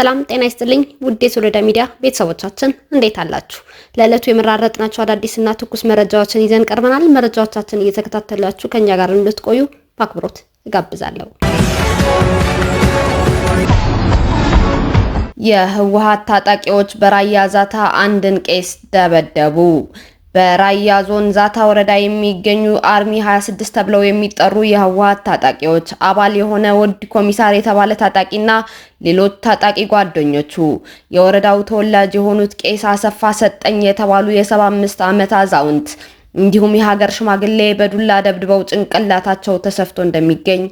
ሰላም ጤና ይስጥልኝ ውድ የሶሎዳ ሚዲያ ቤተሰቦቻችን እንዴት አላችሁ? ለዕለቱ የመራረጥናቸው አዳዲስና ትኩስ መረጃዎችን ይዘን ቀርበናል። መረጃዎቻችን እየተከታተላችሁ ከኛ ጋር እንድትቆዩ በአክብሮት እጋብዛለሁ። የህወሓት ታጣቂዎች በራያ ዛታ አንድን ቄስ ደበደቡ። በራያ ዞን ዛታ ወረዳ የሚገኙ አርሚ 26 ተብለው የሚጠሩ የህወሓት ታጣቂዎች አባል የሆነ ወድ ኮሚሳር የተባለ ታጣቂና ሌሎች ታጣቂ ጓደኞቹ የወረዳው ተወላጅ የሆኑት ቄስ አሰፋ ሰጠኝ የተባሉ የ75 ዓመት አዛውንት እንዲሁም የሀገር ሽማግሌ በዱላ ደብድበው ጭንቅላታቸው ተሰፍቶ እንደሚገኝ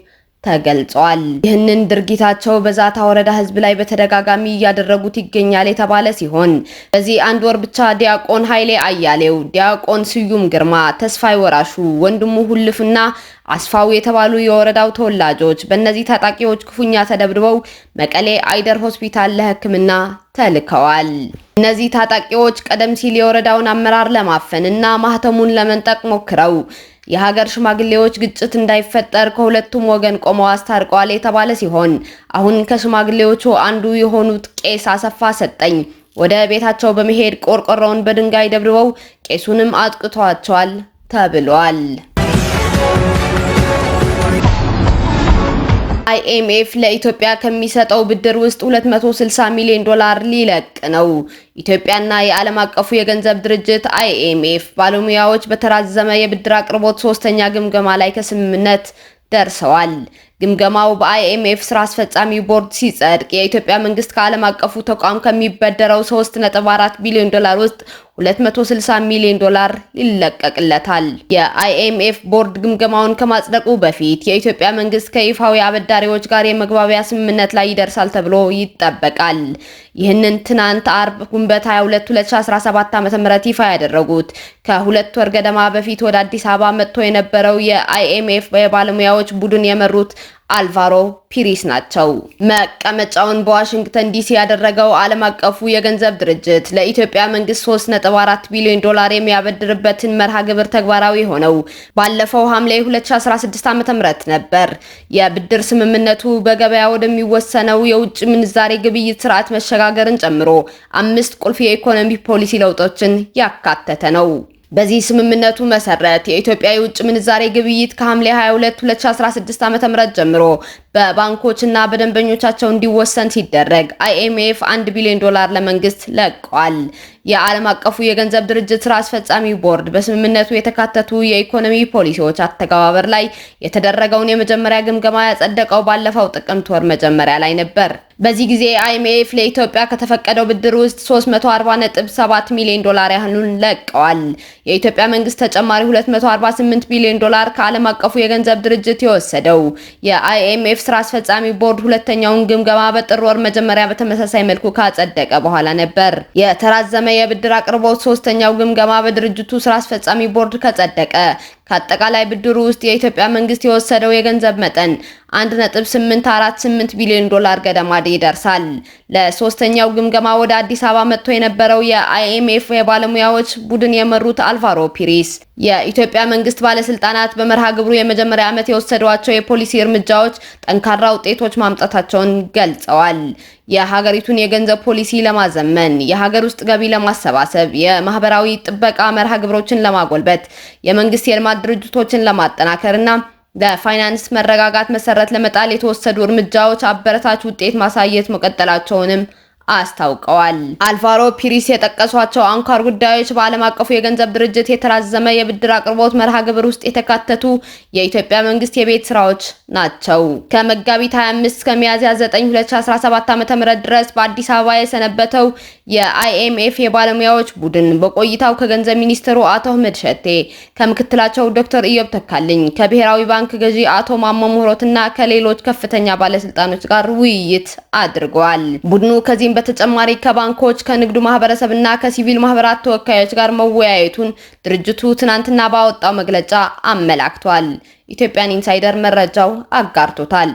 ተገልጿል። ይህንን ድርጊታቸው በዛታ ወረዳ ህዝብ ላይ በተደጋጋሚ እያደረጉት ይገኛል የተባለ ሲሆን በዚህ አንድ ወር ብቻ ዲያቆን ኃይሌ አያሌው፣ ዲያቆን ስዩም ግርማ፣ ተስፋይ ወራሹ፣ ወንድሙ ሁልፍና አስፋው የተባሉ የወረዳው ተወላጆች በእነዚህ ታጣቂዎች ክፉኛ ተደብድበው መቀሌ አይደር ሆስፒታል ለህክምና ተልከዋል። እነዚህ ታጣቂዎች ቀደም ሲል የወረዳውን አመራር ለማፈን እና ማህተሙን ለመንጠቅ ሞክረው የሀገር ሽማግሌዎች ግጭት እንዳይፈጠር ከሁለቱም ወገን ቆመው አስታርቀዋል የተባለ ሲሆን አሁን ከሽማግሌዎቹ አንዱ የሆኑት ቄስ አሰፋ ሰጠኝ ወደ ቤታቸው በመሄድ ቆርቆሮውን በድንጋይ ደብድበው ቄሱንም አጥቅቷቸዋል ተብሏል። አይኤምኤፍ ለኢትዮጵያ ከሚሰጠው ብድር ውስጥ 260 ሚሊዮን ዶላር ሊለቅ ነው። ኢትዮጵያና የዓለም አቀፉ የገንዘብ ድርጅት አይኤምኤፍ ባለሙያዎች በተራዘመ የብድር አቅርቦት ሶስተኛ ግምገማ ላይ ከስምምነት ደርሰዋል። ግምገማው በአይኤምኤፍ ስራ አስፈጻሚ ቦርድ ሲጸድቅ የኢትዮጵያ መንግስት ከዓለም አቀፉ ተቋም ከሚበደረው 3.4 ቢሊዮን ዶላር ውስጥ 260 ሚሊዮን ዶላር ይለቀቅለታል። የአይኤምኤፍ ቦርድ ግምገማውን ከማጽደቁ በፊት የኢትዮጵያ መንግስት ከይፋዊ አበዳሪዎች ጋር የመግባቢያ ስምምነት ላይ ይደርሳል ተብሎ ይጠበቃል። ይህንን ትናንት አርብ ጉንበት 22 2017 ዓ.ም ይፋ ያደረጉት ከሁለት ወር ገደማ በፊት ወደ አዲስ አበባ መጥቶ የነበረው የአይኤምኤፍ የባለሙያዎች ቡድን የመሩት አልቫሮ ፒሪስ ናቸው። መቀመጫውን በዋሽንግተን ዲሲ ያደረገው ዓለም አቀፉ የገንዘብ ድርጅት ለኢትዮጵያ መንግስት 3.4 ቢሊዮን ዶላር የሚያበድርበትን መርሃ ግብር ተግባራዊ ሆነው ባለፈው ሐምሌ 2016 ዓ.ም ነበር። የብድር ስምምነቱ በገበያ ወደሚወሰነው የውጭ ምንዛሬ ግብይት ስርዓት መሸጋገርን ጨምሮ አምስት ቁልፍ የኢኮኖሚ ፖሊሲ ለውጦችን ያካተተ ነው። በዚህ ስምምነቱ መሰረት የኢትዮጵያ የውጭ ምንዛሬ ግብይት ከሐምሌ 22 2016 ዓ.ም ጀምሮ በባንኮችና በደንበኞቻቸው እንዲወሰን ሲደረግ አይኤምኤፍ አንድ ቢሊዮን ዶላር ለመንግስት ለቋል። የዓለም አቀፉ የገንዘብ ድርጅት ስራ አስፈጻሚ ቦርድ በስምምነቱ የተካተቱ የኢኮኖሚ ፖሊሲዎች አተገባበር ላይ የተደረገውን የመጀመሪያ ግምገማ ያጸደቀው ባለፈው ጥቅምት ወር መጀመሪያ ላይ ነበር። በዚህ ጊዜ አይኤምኤፍ ለኢትዮጵያ ከተፈቀደው ብድር ውስጥ 347 ሚሊዮን ዶላር ያህሉን ለቀዋል። የኢትዮጵያ መንግስት ተጨማሪ 248 ቢሊዮን ዶላር ከዓለም አቀፉ የገንዘብ ድርጅት የወሰደው የአይኤምኤፍ ስራ አስፈጻሚ ቦርድ ሁለተኛውን ግምገማ በጥር ወር መጀመሪያ በተመሳሳይ መልኩ ካጸደቀ በኋላ ነበር። የተራዘመ የብድር አቅርቦት ሶስተኛው ግምገማ በድርጅቱ ስራ አስፈጻሚ ቦርድ ከጸደቀ ከአጠቃላይ ብድሩ ውስጥ የኢትዮጵያ መንግስት የወሰደው የገንዘብ መጠን 1.848 ቢሊዮን ዶላር ገደማ ይደርሳል። ለሶስተኛው ግምገማ ወደ አዲስ አበባ መጥቶ የነበረው የአይኤምኤፍ የባለሙያዎች ቡድን የመሩት አልቫሮ ፒሪስ የኢትዮጵያ መንግስት ባለስልጣናት በመርሃ ግብሩ የመጀመሪያ ዓመት የወሰዷቸው የፖሊሲ እርምጃዎች ጠንካራ ውጤቶች ማምጣታቸውን ገልጸዋል። የሀገሪቱን የገንዘብ ፖሊሲ ለማዘመን፣ የሀገር ውስጥ ገቢ ለማሰባሰብ፣ የማህበራዊ ጥበቃ መርሃ ግብሮችን ለማጎልበት፣ የመንግስት የልማት ድርጅቶችን ለማጠናከርና በፋይናንስ መረጋጋት መሰረት ለመጣል የተወሰዱ እርምጃዎች አበረታች ውጤት ማሳየት መቀጠላቸውንም አስታውቀዋል። አልቫሮ ፒሪስ የጠቀሷቸው አንኳር ጉዳዮች በዓለም አቀፉ የገንዘብ ድርጅት የተራዘመ የብድር አቅርቦት መርሃ ግብር ውስጥ የተካተቱ የኢትዮጵያ መንግስት የቤት ስራዎች ናቸው። ከመጋቢት 25 ከሚያዝያ 9 2017 ዓ.ም ድረስ በአዲስ አበባ የሰነበተው የአይኤምኤፍ የባለሙያዎች ቡድን በቆይታው ከገንዘብ ሚኒስትሩ አቶ አህመድ ሸቴ፣ ከምክትላቸው ዶክተር ኢዮብ ተካልኝ፣ ከብሔራዊ ባንክ ገዢ አቶ ማሞ ምህረትና ከሌሎች ከፍተኛ ባለስልጣኖች ጋር ውይይት አድርገዋል። ቡድኑ ከዚህም በተጨማሪ ከባንኮች ከንግዱ ማህበረሰብና ከሲቪል ማህበራት ተወካዮች ጋር መወያየቱን ድርጅቱ ትናንትና ባወጣው መግለጫ አመላክቷል። ኢትዮጵያን ኢንሳይደር መረጃው አጋርቶታል።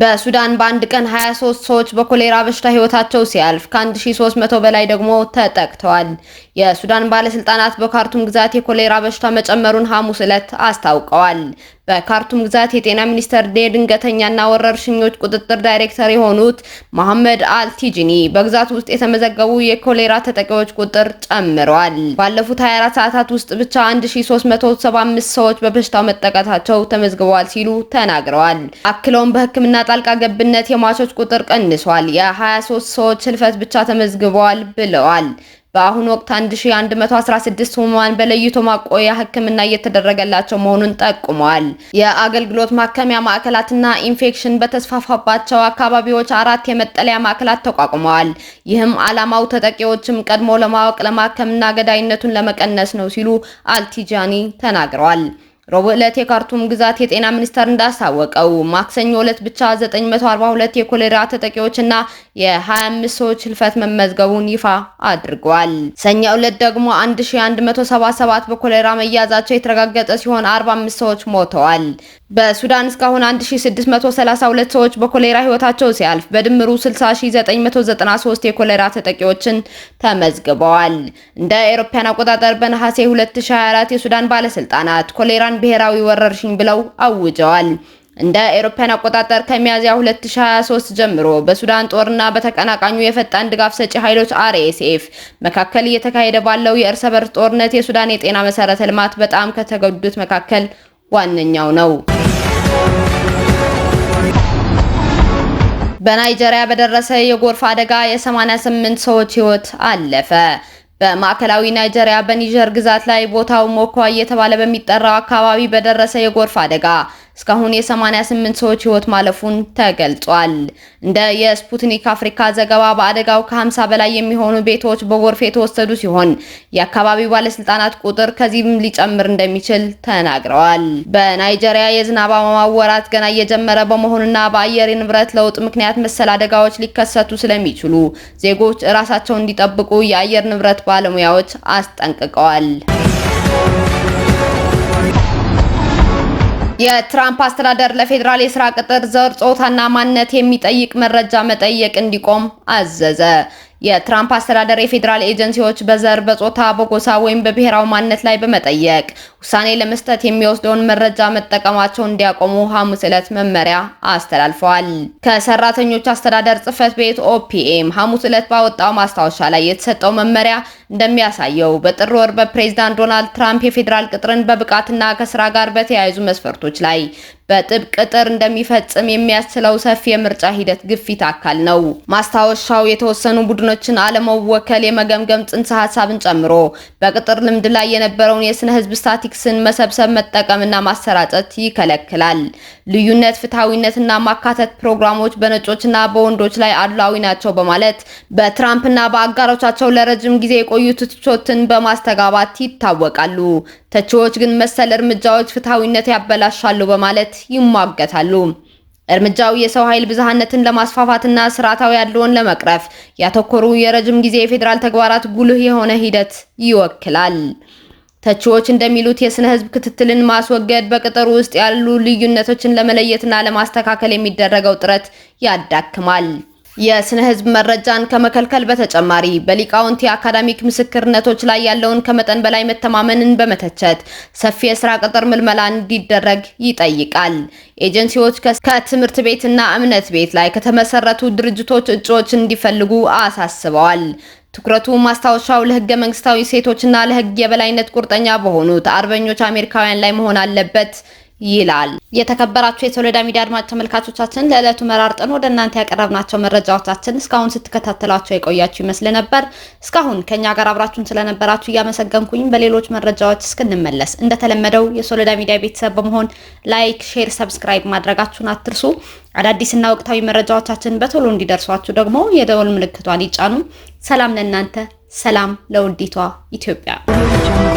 በሱዳን በአንድ ቀን 23 ሰዎች በኮሌራ በሽታ ህይወታቸው ሲያልፍ ከ1300 በላይ ደግሞ ተጠቅተዋል። የሱዳን ባለስልጣናት በካርቱም ግዛት የኮሌራ በሽታ መጨመሩን ሐሙስ ዕለት አስታውቀዋል። በካርቱም ግዛት የጤና ሚኒስቴር የድንገተኛና ወረርሽኞች ቁጥጥር ዳይሬክተር የሆኑት መሐመድ አልቲጂኒ በግዛት ውስጥ የተመዘገቡ የኮሌራ ተጠቂዎች ቁጥር ጨምሯል። ባለፉት 24 ሰዓታት ውስጥ ብቻ 1375 ሰዎች በበሽታው መጠቃታቸው ተመዝግበዋል ሲሉ ተናግረዋል። አክለውም በሕክምና ጣልቃ ገብነት የሟቾች ቁጥር ቀንሷል፣ የ23 ሰዎች ህልፈት ብቻ ተመዝግበዋል ብለዋል። በአሁኑ ወቅት 1116 ህሙማን በለይቶ ማቆያ ህክምና እየተደረገላቸው መሆኑን ጠቁመዋል። የአገልግሎት ማከሚያ ማዕከላትና ኢንፌክሽን በተስፋፋባቸው አካባቢዎች አራት የመጠለያ ማዕከላት ተቋቁመዋል። ይህም ዓላማው ተጠቂዎችም ቀድሞ ለማወቅ ለማከምና ገዳይነቱን ለመቀነስ ነው ሲሉ አልቲጃኒ ተናግረዋል። ሮብ ዕለት የካርቱም ግዛት የጤና ሚኒስቴር እንዳስታወቀው ማክሰኞ ዕለት ብቻ 942 የኮሌራ ተጠቂዎችና የ25 ሰዎች ህልፈት መመዝገቡን ይፋ አድርጓል። ሰኞ ዕለት ደግሞ 1177 በኮሌራ መያዛቸው የተረጋገጠ ሲሆን 45 ሰዎች ሞተዋል። በሱዳን እስካሁን 1632 ሰዎች በኮሌራ ህይወታቸው ሲያልፍ በድምሩ 60993 የኮሌራ ተጠቂዎችን ተመዝግበዋል። እንደ አውሮፓውያን አቆጣጠር በነሐሴ 2024 የሱዳን ባለስልጣናት ኮሌራን የኢቦላን ብሔራዊ ወረርሽኝ ብለው አውጀዋል። እንደ አውሮፓውያን አቆጣጠር ከሚያዝያ 2023 ጀምሮ በሱዳን ጦርና በተቀናቃኙ የፈጣን ድጋፍ ሰጪ ኃይሎች አርኤስኤፍ መካከል እየተካሄደ ባለው የእርስ በርስ ጦርነት የሱዳን የጤና መሰረተ ልማት በጣም ከተጎዱት መካከል ዋነኛው ነው። በናይጄሪያ በደረሰ የጎርፍ አደጋ የ88 ሰዎች ሕይወት አለፈ። በማዕከላዊ ናይጄሪያ በኒጀር ግዛት ላይ ቦታው ሞኳ እየተባለ በሚጠራው አካባቢ በደረሰ የጎርፍ አደጋ እስካሁን የ88 ሰዎች ህይወት ማለፉን ተገልጿል። እንደ የስፑትኒክ አፍሪካ ዘገባ በአደጋው ከ50 በላይ የሚሆኑ ቤቶች በጎርፍ የተወሰዱ ሲሆን የአካባቢው ባለስልጣናት ቁጥር ከዚህም ሊጨምር እንደሚችል ተናግረዋል። በናይጄሪያ የዝናብ ማወራት ገና እየጀመረ በመሆኑና በአየር ንብረት ለውጥ ምክንያት መሰል አደጋዎች ሊከሰቱ ስለሚችሉ ዜጎች እራሳቸውን እንዲጠብቁ የአየር ንብረት ባለሙያዎች አስጠንቅቀዋል። የትራምፕ አስተዳደር ለፌዴራል የስራ ቅጥር ዘር፣ ጾታና ማንነት የሚጠይቅ መረጃ መጠየቅ እንዲቆም አዘዘ። የትራምፕ አስተዳደር የፌዴራል ኤጀንሲዎች በዘር፣ በጾታ፣ በጎሳ ወይም በብሔራዊ ማንነት ላይ በመጠየቅ ውሳኔ ለመስጠት የሚወስደውን መረጃ መጠቀማቸውን እንዲያቆሙ ሐሙስ ዕለት መመሪያ አስተላልፈዋል። ከሰራተኞች አስተዳደር ጽህፈት ቤት ኦፒኤም ሐሙስ ዕለት ባወጣው ማስታወሻ ላይ የተሰጠው መመሪያ እንደሚያሳየው በጥር ወር በፕሬዚዳንት ዶናልድ ትራምፕ የፌዴራል ቅጥርን በብቃትና ከስራ ጋር በተያያዙ መስፈርቶች ላይ በጥብቅ ቅጥር እንደሚፈጽም የሚያስችለው ሰፊ የምርጫ ሂደት ግፊት አካል ነው። ማስታወሻው የተወሰኑ ቡድኖች የሰዎችን አለመወከል የመገምገም ጽንሰ ሀሳብን ጨምሮ በቅጥር ልምድ ላይ የነበረውን የስነ ህዝብ ስታቲክስን መሰብሰብ፣ መጠቀምና ማሰራጨት ይከለክላል። ልዩነት፣ ፍትሐዊነትና ማካተት ፕሮግራሞች በነጮችና በወንዶች ላይ አድሏዊ ናቸው በማለት በትራምፕና በአጋሮቻቸው ለረጅም ጊዜ የቆዩ ትችቶችን በማስተጋባት ይታወቃሉ። ተቺዎች ግን መሰል እርምጃዎች ፍትሐዊነት ያበላሻሉ በማለት ይሟገታሉ። እርምጃው የሰው ኃይል ብዝሃነትን ለማስፋፋትና ስርዓታዊ ያለውን ለመቅረፍ ያተኮሩ የረጅም ጊዜ የፌዴራል ተግባራት ጉልህ የሆነ ሂደት ይወክላል። ተቺዎች እንደሚሉት የስነ ህዝብ ክትትልን ማስወገድ በቅጥሩ ውስጥ ያሉ ልዩነቶችን ለመለየትና ለማስተካከል የሚደረገው ጥረት ያዳክማል። የስነ ህዝብ መረጃን ከመከልከል በተጨማሪ በሊቃውንቲ አካዳሚክ ምስክርነቶች ላይ ያለውን ከመጠን በላይ መተማመንን በመተቸት ሰፊ የስራ ቅጥር ምልመላ እንዲደረግ ይጠይቃል። ኤጀንሲዎች ከትምህርት ቤትና እምነት ቤት ላይ ከተመሰረቱ ድርጅቶች እጩዎች እንዲፈልጉ አሳስበዋል። ትኩረቱ ማስታወሻው ለህገ መንግስታዊ ሴቶችና ለህግ የበላይነት ቁርጠኛ በሆኑት አርበኞች አሜሪካውያን ላይ መሆን አለበት ይላል። የተከበራችሁ የሶሎዳ ሚዲያ አድማጭ ተመልካቾቻችን ለዕለቱ መራርጠን ወደ እናንተ ያቀረብናቸው መረጃዎቻችን እስካሁን ስትከታተሏቸው የቆያችሁ ይመስል ነበር። እስካሁን ከኛ ጋር አብራችሁን ስለነበራችሁ እያመሰገንኩኝ በሌሎች መረጃዎች እስክንመለስ እንደተለመደው የሶሎዳ ሚዲያ ቤተሰብ በመሆን ላይክ፣ ሼር፣ ሰብስክራይብ ማድረጋችሁን አትርሱ። አዳዲስና ወቅታዊ መረጃዎቻችን በቶሎ እንዲደርሷችሁ ደግሞ የደወል ምልክቷን ይጫኑ። ሰላም ለእናንተ፣ ሰላም ለውዲቷ ኢትዮጵያ።